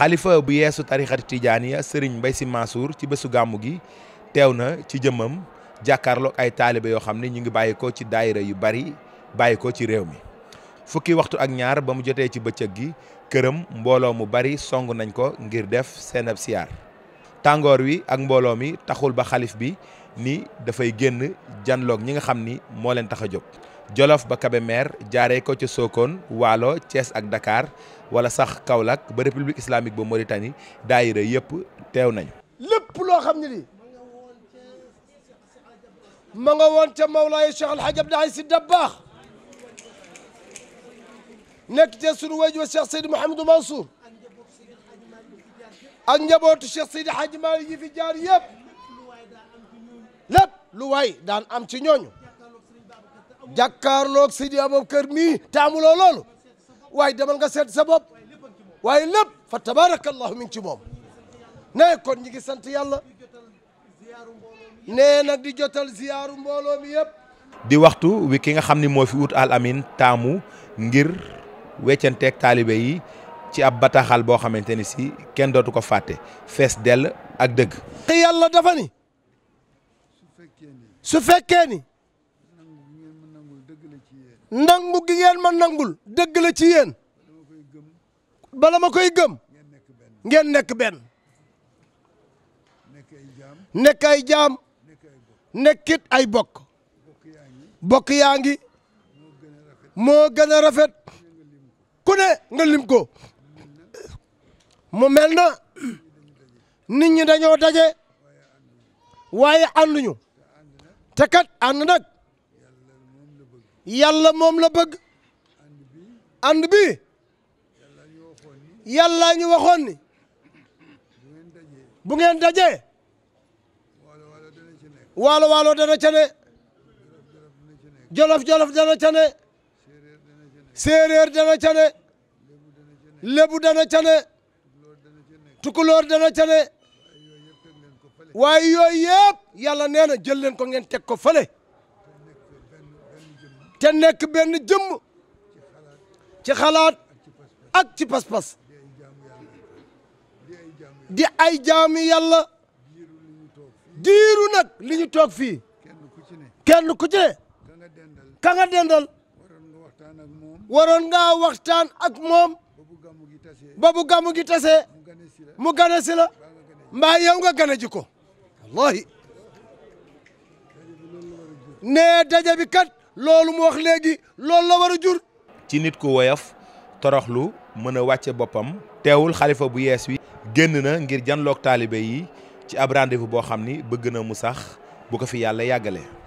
xalifa bu yeesu tarixati tijaaniya sëriñ Mbay Si Mansour ci bésu gàmmu gi teew na ci jëmmam jàkkaarloog ay taalibe yoo xam ne ñu ngi bàyyi ko ci daayira yu bari bàyyi ko ci réew mi fukki waxtu ak ñaar ba mu jotee ci bëccëg gi këram mbooloo mu bari song nañ ko ngir def seen ab siyaar tàngoor wi ak mbooloo mi taxul ba xalif bi ni dafay génn janlook ñi nga xam ni moo leen tax a jóg Jolof ba Kébémer jaaree ko ca Sokone Waalo cees ak Dakar walla sax Kaolack ba république islamique ba Mauritanie daayira yëpp teew nañu. lépp loo xam ne lii ma nga woon ca Mawlaay Cheikh El Hadj Abdoulaye Sy nekk ca sunu waajur Cheikh Seydi Mouhamadou Mansour ak njabootu Cheikh Seydi Hadj yi fi jaar yëpp. lu waay daan am ci ñooñu jàkkaarloog Seydi Ababacar mii taamuloo loolu waaye demal nga seet sa bopp waaye lépp fa tabaarakallahu mi ngi ci moom ne kon ñi sant yàlla nee nag di jotal ziyaaru mbooloo mi yëpp di waxtu wi ki nga xam ni moo fi wut al amin taamu ngir weccanteeg taalibe yi ci ab bataaxal boo xamante ni si kenn dootu ko fàtte fees dell ak dëgg yàlla dafa ni su fekkee ni nangu gi ngeen ma nangul dëgg la ci yéen bala ma koy gëm ngeen nekk benn nekk ay jaam nekkit ay bokk bokk yaa ngi moo gën a rafet ku ne nga lim ko mu mel na nit ñi dañoo daje waaye ànduñu te kat ànd nag yàlla moom la bëgg ànd bi yàlla ñu waxoon ni bu ngeen dajee waalo waalo dana ca ne jolof-jolof dana ca ne séeréer dana ca ne lébu dana ca ne dana ca waaye yooyu yëpp yàlla nee na jël leen ko ngeen teg ko fële te nekk benn jëmm ci xalaat ak ci pas di ay jaami yàlla diiru nag li ñu toog fii kenn ku ci ne ka nga dendal waroon ngaa waxtaan ak moom ba bu gàmmu gi tasee mu gane si la yow nga gane ko wallahi nee daje bi kat loolu mu wax léegi loolu la war a jur ci nit ku woyof toroxlu mën a wàcce boppam teewul xalifa bu yees wi génn na ngir janloog taalibe yi ci ab rendez boo xam ni bëgg na mu sax bu ko fi yàlla yàggale